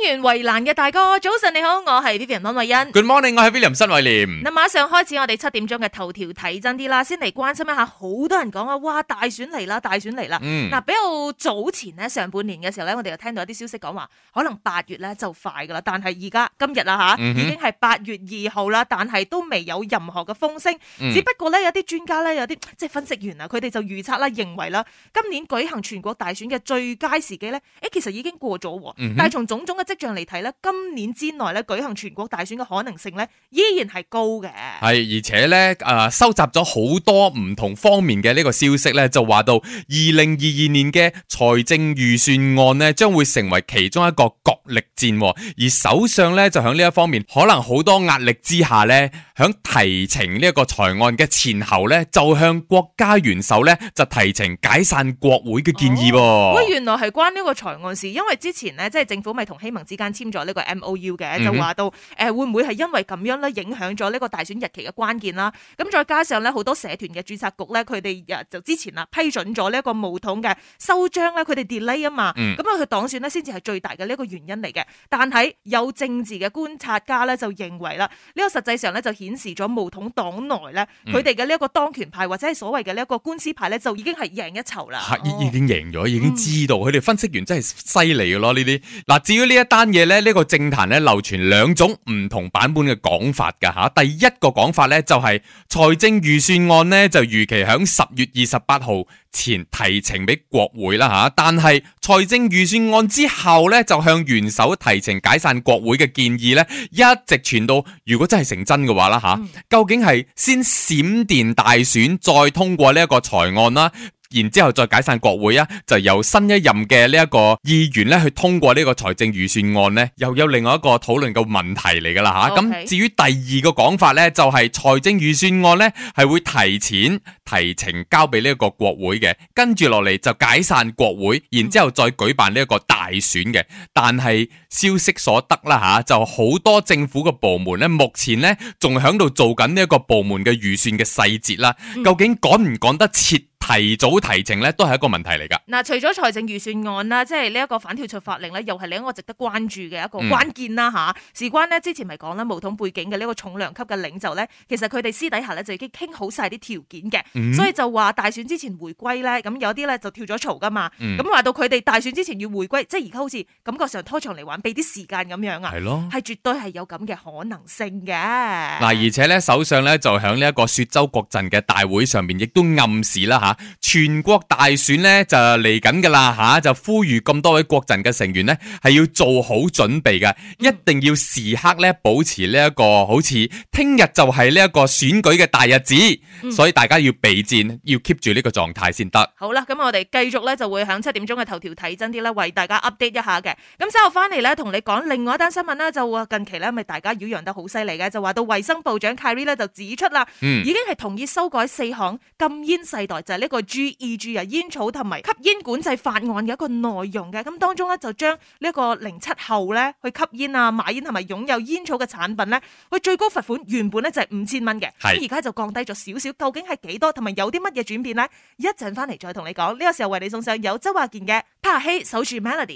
聽完圍欄嘅大哥，早晨你好，我係 Vivian 溫慧欣。Good morning，我係 William 申偉廉。嗱，馬上開始我哋七點鐘嘅頭條睇真啲啦，先嚟關心一下，好多人講啊，哇，大選嚟啦，大選嚟啦。嗱、嗯，比較早前呢，上半年嘅時候咧，我哋就聽到一啲消息講話，可能八月咧就快噶啦，但係而家今日啦吓，啊嗯、哼已經係八月二號啦，但係都未有任何嘅風聲。嗯、只不過咧，有啲專家咧，有啲即係分析員啊，佢哋就預測啦，認為啦，今年舉行全國大選嘅最佳時機咧，誒、欸，其實已經過咗。嗯哼。但係從種種，種跡象嚟睇咧，今年之內咧舉行全國大選嘅可能性咧，依然係高嘅。係而且咧，誒、呃，收集咗好多唔同方面嘅呢個消息咧，就話到二零二二年嘅財政預算案咧，將會成為其中一個角力戰，哦。而首相呢，就響呢一方面，可能好多壓力之下呢，響提呈呢一個財案嘅前後呢，就向國家元首呢，就提呈解散國會嘅建議，哦。喂、哦，原來係關呢個財案事，因為之前呢，即係政府咪同民之間簽咗呢個 M O U 嘅，就話到誒會唔會係因為咁樣咧影響咗呢個大選日期嘅關鍵啦？咁再加上咧好多社團嘅註冊局咧，佢哋就之前啦批准咗呢一個巫統嘅收章咧、嗯，佢哋 delay 啊嘛，咁佢黨選咧先至係最大嘅呢一個原因嚟嘅。但係有政治嘅觀察家咧就認為啦，呢、這個實際上咧就顯示咗巫統黨內咧佢哋嘅呢一個當權派或者係所謂嘅呢一個官司派咧就已經係贏一籌啦。已已經贏咗，已經知道佢哋、嗯、分析完真係犀利嘅咯呢啲。嗱至於呢一單嘢咧，呢、這個政壇咧流傳兩種唔同版本嘅講法噶吓。第一個講法呢，就係、是、財政預算案呢，就預期響十月二十八號前提呈俾國會啦吓，但係財政預算案之後呢，就向元首提呈解散國會嘅建議呢，一直傳到如果真係成真嘅話啦吓，嗯、究竟係先閃電大選再通過呢一個財案啦？然之後再解散國會啊，就由新一任嘅呢一個議員咧去通過呢個財政預算案咧，又有另外一個討論嘅問題嚟噶啦吓。咁 Okay.、嗯、至於第二個講法咧，就係、是、財政預算案咧係會提前提前交俾呢一個國會嘅，跟住落嚟就解散國會，然之後再舉辦呢一個大選嘅。但係消息所得啦吓、啊，就好多政府嘅部門咧，目前咧仲響度做緊呢一個部門嘅預算嘅細節啦，究竟趕唔趕得切？提早提呈咧，都係一個問題嚟噶。嗱，除咗財政預算案啦，即係呢一個反跳出法令咧，又係另一個值得關注嘅一個關鍵啦，吓、嗯啊。事關咧，之前咪講啦，巫統背景嘅呢一個重量級嘅領袖咧，其實佢哋私底下咧就已經傾好晒啲條件嘅，嗯、所以就話大選之前回歸呢，咁有啲咧就跳咗槽噶嘛。咁話、嗯嗯、到佢哋大選之前要回歸，即係而家好似感覺上拖長嚟玩，俾啲時間咁樣啊。係咯，係絕對係有咁嘅可能性嘅。嗱、啊，而且咧，首相呢就響呢一個雪州國陣嘅大會上面亦都暗示啦，吓、啊。全國大選咧就嚟緊噶啦吓，就呼籲咁多位國陣嘅成員呢係要做好準備嘅，嗯、一定要時刻咧保持呢、這、一個好似聽日就係呢一個選舉嘅大日子，嗯、所以大家要備戰，要 keep 住呢個狀態先得。好啦，咁我哋繼續咧就會響七點鐘嘅頭條睇真啲啦，為大家 update 一下嘅。咁稍後翻嚟咧同你講另外一單新聞啦，就近期咧咪大家擾攘得好犀利嘅，就話到衛生部長 Carrie 咧就指出啦，嗯、已經係同意修改四項禁煙世代就是。一個 GEG 啊，煙草同埋吸煙管制法案嘅一個內容嘅，咁當中咧，就將呢個零七後咧，去吸煙啊、買煙同埋擁有煙草嘅產品咧，佢最高罰款原本咧就係五千蚊嘅，咁而家就降低咗少少，究竟係幾多同埋有啲乜嘢轉變咧？一陣翻嚟再同你講，呢、呢個時候為你送上有周華健嘅、ah《拍下戲守住 Melody》。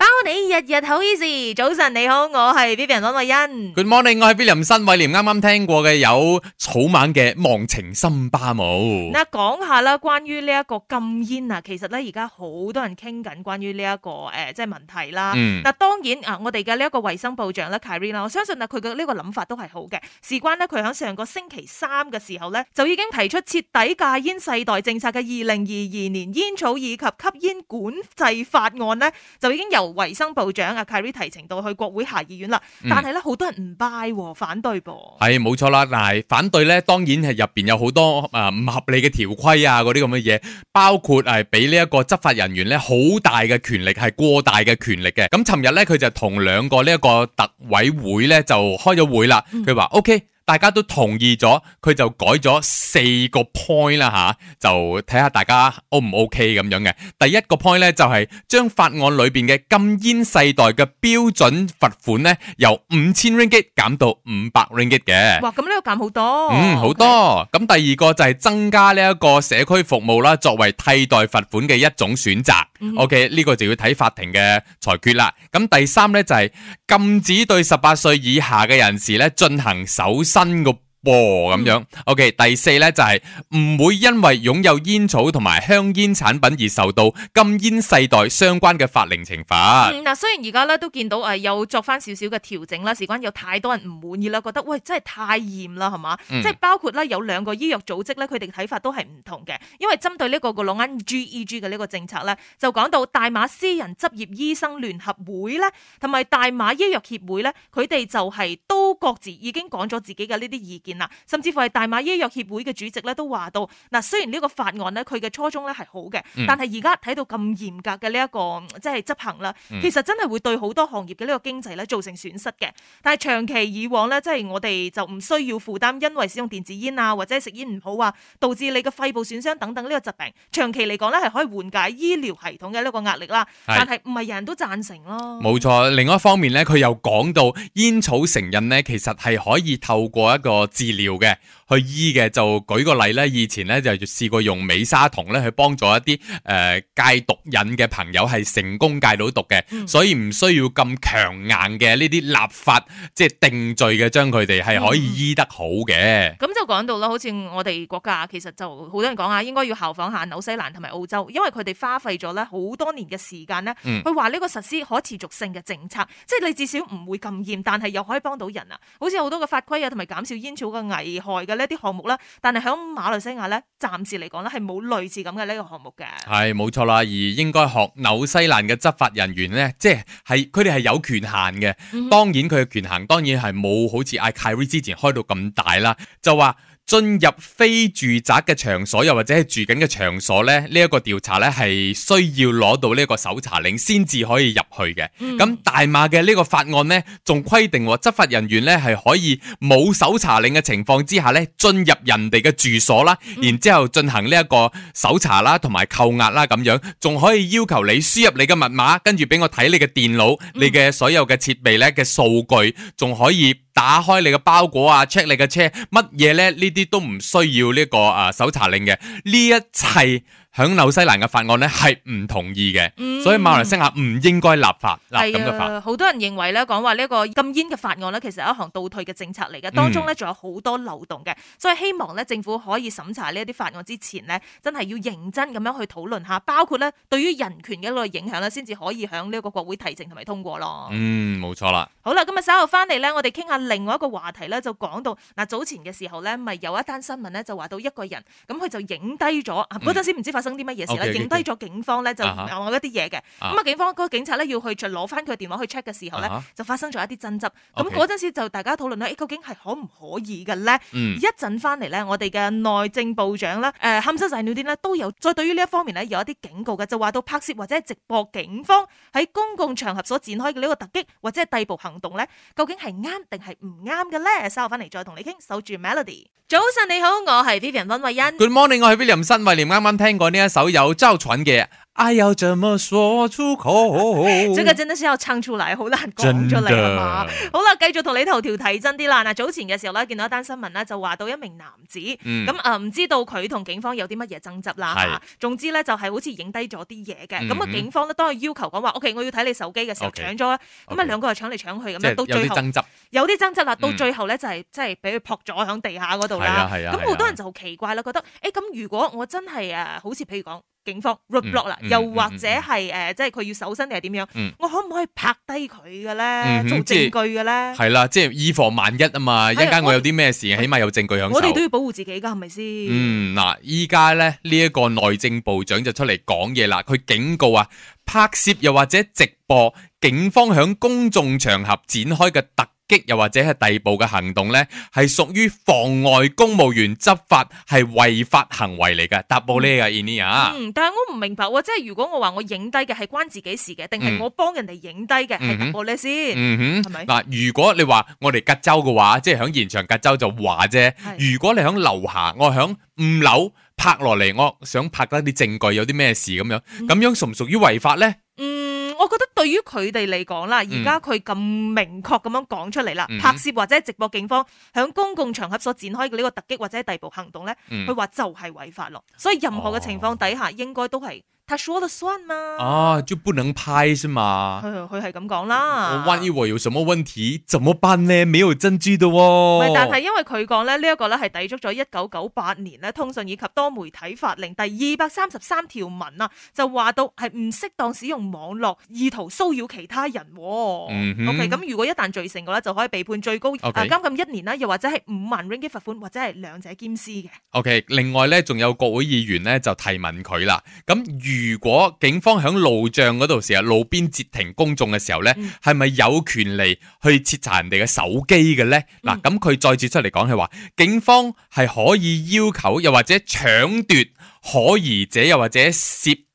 包你日日好意思，早晨你好，我係 Vivian 林偉欣 Good morning，我係 Vivian 新偉廉。啱啱聽過嘅有草蜢嘅忘情森巴舞。嗱，講下啦，關於呢一個禁煙啊，其實咧而家好多人傾緊關於呢、這、一個誒、呃，即係問題啦。嗱、嗯，當然啊，我哋嘅呢一個衛生部長啦 Khairy 啦，我相信啊，佢嘅呢個諗法都係好嘅。事關呢，佢喺上個星期三嘅時候呢，就已經提出徹底戒煙世代政策嘅二零二二年煙草以及吸煙管制法案呢，就已經由衛生部長啊，k e r y 提程到去國會下議院啦，但係咧好多人唔拜 u 反對噃。係冇錯啦，但係反對咧，當然係入邊有好多誒唔、呃、合理嘅條規啊，嗰啲咁嘅嘢，包括係俾呢一個執法人員咧好大嘅權力，係過大嘅權力嘅。咁尋日咧，佢就同兩個呢一個特委會咧就開咗會啦。佢話 O K。嗯 okay, 大家都同意咗，佢就改咗四個 point 啦、啊、吓，就睇下大家 O 唔 OK 咁樣嘅。第一個 point 咧就係、是、將法案裏邊嘅禁煙世代嘅標準罰款咧由五千 ringgit 減到五百 ringgit 嘅。哇，咁呢個減好多。嗯，好多。咁 Okay. 第二個就係增加呢一個社區服務啦，作為替代罰款嘅一種選擇。O.K. 呢個就要睇法庭嘅裁決啦。咁第三呢，就係、是、禁止對十八歲以下嘅人士呢進行搜身噉樣，OK，第四咧就係、是、唔會因為擁有煙草同埋香煙產品而受到禁煙世代相關嘅法令懲罰。嗱、嗯，雖然而家咧都見到誒、呃、有作翻少少嘅調整啦，事關有太多人唔滿意啦，覺得喂真係太嚴啦，係嘛？嗯、即係包括咧有兩個醫藥組織咧，佢哋嘅睇法都係唔同嘅，因為針對呢、這個個老眼 G E G 嘅呢個政策咧，就講到大馬私人執業醫生聯合會咧，同埋大馬醫藥協會咧，佢哋就係都各自已經講咗自己嘅呢啲意見。甚至乎係大馬醫藥協會嘅主席咧都話到，嗱雖然呢個法案咧佢嘅初衷咧係好嘅，嗯、但係而家睇到咁嚴格嘅呢一個即係執行啦，嗯、其實真係會對好多行業嘅呢個經濟咧造成損失嘅。但係長期以往咧，即係我哋就唔需要負擔，因為使用電子煙啊或者食煙唔好啊，導致你嘅肺部損傷等等呢個疾病，長期嚟講咧係可以緩解醫療系統嘅呢個壓力啦。是但係唔係人人都讚成咯。冇錯，另外一方面咧，佢又講到煙草成癮咧，其實係可以透過一個。治療嘅。去醫嘅就舉個例咧，以前咧就試過用美沙酮咧去幫助一啲誒戒毒癮嘅朋友係成功戒到毒嘅，嗯、所以唔需要咁強硬嘅呢啲立法即係定罪嘅，將佢哋係可以醫得好嘅。咁、嗯、就講到啦，好似我哋國家其實就好多人講啊，應該要效仿下紐西蘭同埋澳洲，因為佢哋花費咗咧好多年嘅時間咧，佢話呢個實施可持續性嘅政策，嗯、即係你至少唔會咁嚴，但係又可以幫到人啊。好似好多嘅法規啊，同埋減少煙草嘅危害嘅。一啲項目啦，但係喺馬來西亞咧，暫時嚟講咧係冇類似咁嘅呢個項目嘅。係冇錯啦，而應該學紐西蘭嘅執法人員咧，即係係佢哋係有權限嘅。Mm hmm. 當然佢嘅權限當然係冇好似 Ikiwi 之前開到咁大啦，就話。進入非住宅嘅場所，又或者係住緊嘅場所呢，呢、這、一個調查呢係需要攞到呢一個搜查令先至可以入去嘅。咁、嗯、大馬嘅呢個法案呢，仲規定喎，執法人員呢係可以冇搜查令嘅情況之下呢進入人哋嘅住所啦，嗯、然之後進行呢一個搜查啦，同埋扣押啦咁樣，仲可以要求你輸入你嘅密碼，跟住俾我睇你嘅電腦、嗯、你嘅所有嘅設備呢嘅數據，仲可以。打開你嘅包裹啊，check 你嘅車，乜嘢咧？呢啲都唔需要呢、個誒、啊、搜查令嘅，呢一切。響紐西蘭嘅法案呢係唔同意嘅，嗯、所以馬來西亞唔應該立法立咁嘅法。好多人認為咧，講話呢個禁煙嘅法案呢，其實係一項倒退嘅政策嚟嘅，當中呢，仲有好多漏洞嘅，嗯、所以希望呢政府可以審查呢一啲法案之前呢，真係要認真咁樣去討論下，包括呢對於人權嘅一個影響呢，先至可以喺呢個國會提呈同埋通過咯。嗯，冇錯啦。好啦，今日稍後翻嚟呢，我哋傾下另外一個話題呢，就講到嗱早前嘅時候呢，咪有一單新聞呢，就話到一個人咁佢就影低咗嗰陣時唔知發生。啲乜嘢事咧？Okay, okay, okay. 影低咗警方咧，就問我一啲嘢嘅。咁、huh, 啊、uh，huh. 警方嗰個警察咧，要去就攞翻佢電話去 check 嘅時候咧，uh huh. 就發生咗一啲爭執。咁嗰陣時就大家討論咧，誒究竟係可唔可以嘅咧？一陣翻嚟咧，我哋嘅內政部長啦，誒、呃、堪身細尿啲咧，都有再對於呢一方面咧有一啲警告嘅，就話到拍攝或者直播警方喺公共場合所展開嘅呢個突擊或者係逮捕行動咧，究竟係啱定係唔啱嘅咧？稍後翻嚟再同你傾。守住 Melody。早晨你好，我係 Vivian 溫慧欣。Good morning，我係 William 申慧廉。啱啱聽過。呢一首有周蠢嘅，愛要怎麼說出口？即個真得先要撐出嚟，好難講出嚟啊。嘛，好啦，繼續同你頭條睇真啲啦。嗱，早前嘅時候咧，見到一單新聞咧，就話到一名男子，咁啊，唔知道佢同警方有啲乜嘢爭執啦。係。總之咧，就係好似影低咗啲嘢嘅。咁啊，警方咧當係要求講話，OK，我要睇你手機嘅時候搶咗，咁啊，兩個又搶嚟搶去咁，到最後有啲爭執。有啲爭執啦，到最後咧就係即係俾佢撲咗響地下嗰度啦。係咁好多人就好奇怪啦，覺得誒，咁如果我真係誒，好似譬如講警方 road block 啦，又或者係誒，即係佢要搜身定係點樣，我可唔可以拍低佢嘅咧？做證據嘅咧？係啦，即係以防萬一啊嘛，一陣間我有啲咩事，起碼有證據響手。我哋都要保護自己噶，係咪先？嗯，嗱，依家咧呢一個內政部長就出嚟講嘢啦，佢警告啊，拍攝又或者直播，警方響公眾場合展開嘅特。又或者係逮捕嘅行動咧，係屬於妨礙公務員執法係違法行為嚟嘅，答布呢嘅 e n y 啊。in it. 嗯，但係我唔明白，即係如果我話我影低嘅係關自己事嘅，定係我幫人哋影低嘅係答布呢先？嗯哼，係咪嗱？如果你話我哋隔周嘅話，即係響現場隔周就話啫。是如果你響樓下，我響五樓拍落嚟，我想拍得啲證據，有啲咩事咁樣，咁、嗯、哼樣屬唔屬於違法咧？嗯。我覺得對於佢哋嚟講啦，而家佢咁明確咁樣講出嚟啦，嗯、拍攝或者直播警方響公共場合所展開嘅呢個突擊或者係逮捕行動呢，佢話、嗯、就係違法咯。所以任何嘅情況底下，應該都係。他說了算嗎？啊，就不能拍是嘛？佢佢係咁講啦。萬一我有什麼問題，怎麼辦呢？沒有證據的哦。唔係，但係因為佢講咧，呢一個咧係抵觸咗一九九八年咧通訊以及多媒體法令第二百三十三條文啊，就話到係唔適當使用網絡意圖騷擾其他人。OK。咁如果一旦罪成嘅咧，就可以被判最高啊監禁一年啦，又或者係五萬 Ringgit 罰款，或者係兩者兼施嘅。OK。另外咧，仲有國會議員呢，就提問佢啦。咁如如果警方響路障嗰度時候路邊截停公眾嘅時候咧，係咪、嗯、有權利去徹查人哋嘅手機嘅咧？嗱、嗯，咁佢再次出嚟講，係話警方係可以要求，又或者搶奪可疑者，又或者涉及。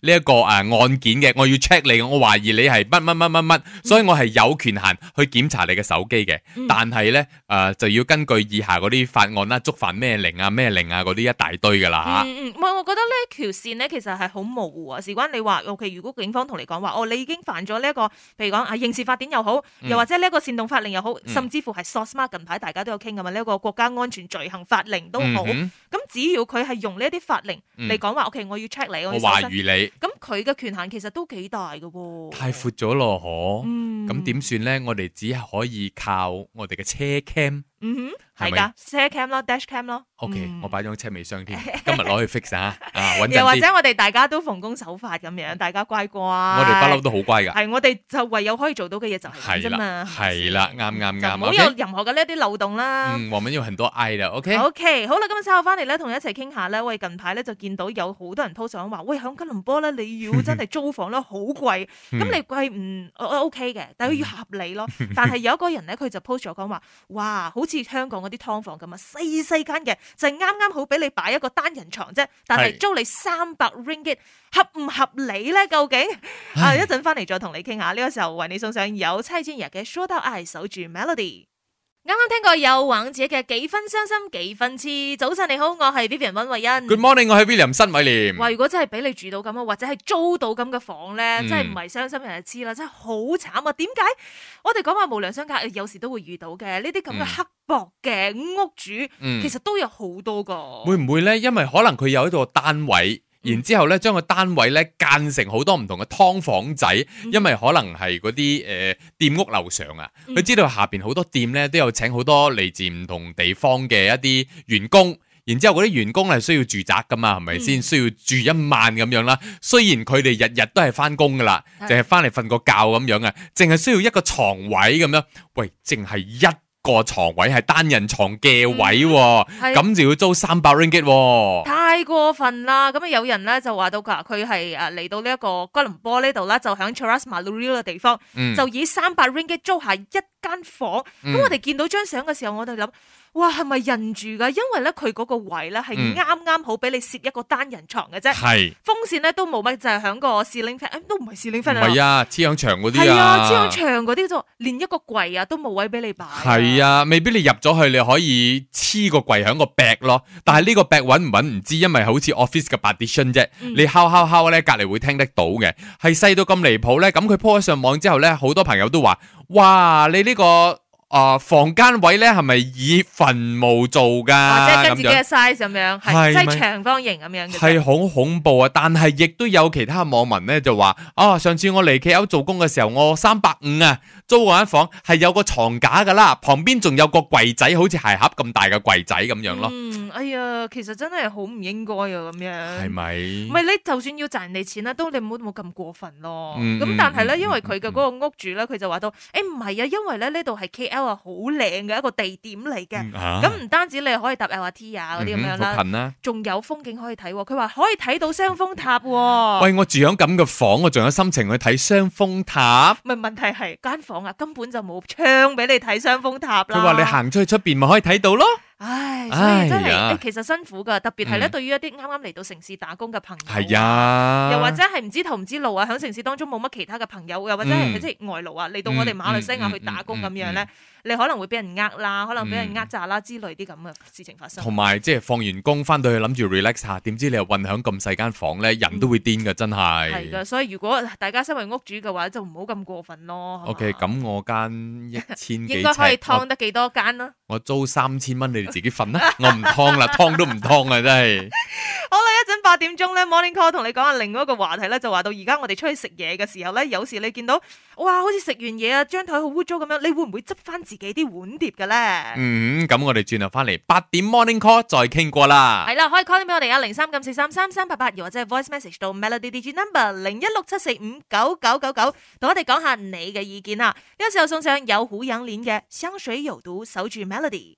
呢一個誒案件嘅，我要 check 你，我懷疑你係乜乜乜乜乜，所以我係有權限去檢查你嘅手機嘅。但係咧誒就要根據以下嗰啲法案啦，觸犯咩令啊咩令啊嗰啲一大堆噶啦吓。唔係、嗯嗯嗯，我覺得呢條線咧其實係好模糊啊。事關你話，O K，如果警方同你講話，哦，你已經犯咗呢一個，譬如講、啊、刑事法典又好，又或者呢一個煽動法令又好，嗯、甚至乎係 SOSMA 近排大家都有傾噶嘛，呢、這、一個國家安全罪行法令都好。嗯，哼嗯。咁只要佢係用呢一啲法令嚟講話，O K，我要 check 你，我懷疑你。咁佢嘅權限其實都幾大嘅喎，太闊咗咯嗬。嗯，咁點算咧？我哋只係可以靠我哋嘅車 cam。嗯哼係咪？車 cam 咯，Dash cam 咯。O K，我擺張車尾箱添。今日攞去 fix 啊，穩陣又或者我哋大家都奉公守法咁樣，大家乖過啊。我哋不嬲都好乖噶。係我哋就唯有可以做到嘅嘢就係咁啫嘛。係啦，啱啱啱。就冇有任何嘅呢一啲漏洞啦。嗯，黃文很多 I 啦。O K，O K，好啦，今日收我翻嚟咧，同你一齊傾下咧。喂，近排咧就見到有好多人 p o s 話，喂，喺吉隆坡咧，你要真係租房咧，好貴。咁你貴唔？O K 嘅，但係要合理咯。但係有一個人咧，佢就 post 咗講話，哇，好似香港啲劏房咁啊，細細間嘅就係啱啱好俾你擺一個單人床啫，但係租你三百 ringgit，合唔合理呢？究竟啊，一陣翻嚟再同你傾下。呢個時候為你送上有妻千日嘅《s h 說到愛守住 Melody》。啱啱聽過有玩者嘅幾分傷心幾分痴。早晨你好，我係 Vivian 溫慧欣。Good morning，我係 William 新偉廉。哇，如果真係俾你住到咁啊，或者係租到咁嘅房咧，嗯、真係唔係傷心人就知啦，真係好慘啊！點解我哋講話無良商家，有時都會遇到嘅呢啲咁嘅刻薄嘅屋主，嗯、其實都有好多個。會唔會咧？因為可能佢有一個單位。然之後咧，將個單位咧間成好多唔同嘅劏房仔，因為可能係嗰啲誒店屋樓上啊，佢、嗯、知道下邊好多店咧都有請好多嚟自唔同地方嘅一啲員工，然之後嗰啲員工係需要住宅噶嘛，係咪先？嗯、需要住一晚咁樣啦。雖然佢哋日日都係翻工噶啦，淨係翻嚟瞓個覺咁樣啊，淨係需要一個床位咁樣，喂，淨係一。個床位係單人床嘅位、啊，咁、嗯、就要租三百 ringgit，、啊、太過分啦！咁啊，有人咧就話到噶，佢係誒嚟到呢一個吉隆坡呢度啦，就喺 Cheras Maluri 嘅地方，嗯、就以三百 ringgit 租下一間房。咁、嗯、我哋見到張相嘅時候，我哋諗。哇，係咪人住噶？因為咧，佢嗰個位咧係啱啱好俾你設一個單人床嘅啫。係、嗯、風扇咧都冇乜，就係、是、響個 ceiling fan，都唔係 ceiling fan 啊。係啊，黐響牆嗰啲啊，黐響牆嗰啲就連一個櫃啊都冇位俾你擺、啊。係啊，未必你入咗去你可以黐個櫃響個壁咯。但係呢個壁穩唔穩唔知，因為好似 office 嘅 partition 啫。嗯、你敲敲敲咧，隔籬會聽得到嘅。係細到咁離譜咧，咁佢 post 咗上網之後咧，好多朋友都話：，哇，你呢、這個。呃、間是是啊，房間位咧係咪以墳墓做噶？或者跟自己嘅 size 咁樣，係即係長方形咁樣嘅。係好恐怖啊！但係亦都有其他網民咧就話：，啊，上次我嚟 KL 做工嘅時候，我三百五啊，租嗰間房係有個床架噶啦，旁邊仲有個櫃仔，好似鞋盒咁大嘅櫃仔咁樣咯。嗯，哎呀，其實真係好唔應該啊，咁樣係咪？唔係你就算要賺人哋錢啦，都你唔好冇咁過分咯。咁但係咧，因為佢嘅嗰個屋主咧，佢就話到：，誒唔係啊，因為咧呢度係 k、L .話好靚嘅一個地點嚟嘅，咁唔、嗯啊、單止你可以搭 AirAsia 嗰啲咁樣啦，仲、啊、有風景可以睇、哦。佢話可以睇到雙峰塔、哦。喂，我住響咁嘅房，我仲有心情去睇雙峰塔？咪問題係間房啊，根本就冇窗俾你睇雙峰塔啦。佢話你行出去出邊咪可以睇到咯。唉，所以真係唉，其實辛苦噶，特別係咧，對於一啲啱啱嚟到城市打工嘅朋友，係啊、嗯，又或者係唔知頭唔知路啊，喺城市當中冇乜其他嘅朋友，又或者係即係外勞啊，嚟到我哋馬來西亞去打工咁樣咧。你可能會俾人呃啦，可能俾人呃詐啦、嗯、之類啲咁嘅事情發生。同埋即係放完工翻到去諗住 relax 下，點知你又困喺咁細間房咧，嗯、人都會癲嘅真係。係嘅，所以如果大家身為屋主嘅話，就唔好咁過分咯。OK，咁我間一千幾， 應該可以劏得幾多間咯、啊？我租三千蚊，你哋自己瞓啦， 我唔劏啦，劏都唔劏啊，真係。 八點鐘咧，morning call 同你講下另外一個話題咧，就話到而家我哋出去食嘢嘅時候咧，有時你見到哇，好似食完嘢啊，張台好污糟咁樣，你會唔會執翻自己啲碗碟嘅咧？嗯，咁我哋轉頭翻嚟八點 morning call 再傾過啦。係啦，可以 call 啲俾我哋啊，零三九四三三三八八，又或者係 voice message 到 melody D G number 零一六七四五九九九九，同我哋講下你嘅意見啦。有、呢個時候送上胡楊林嘅香水有毒，守住 melody。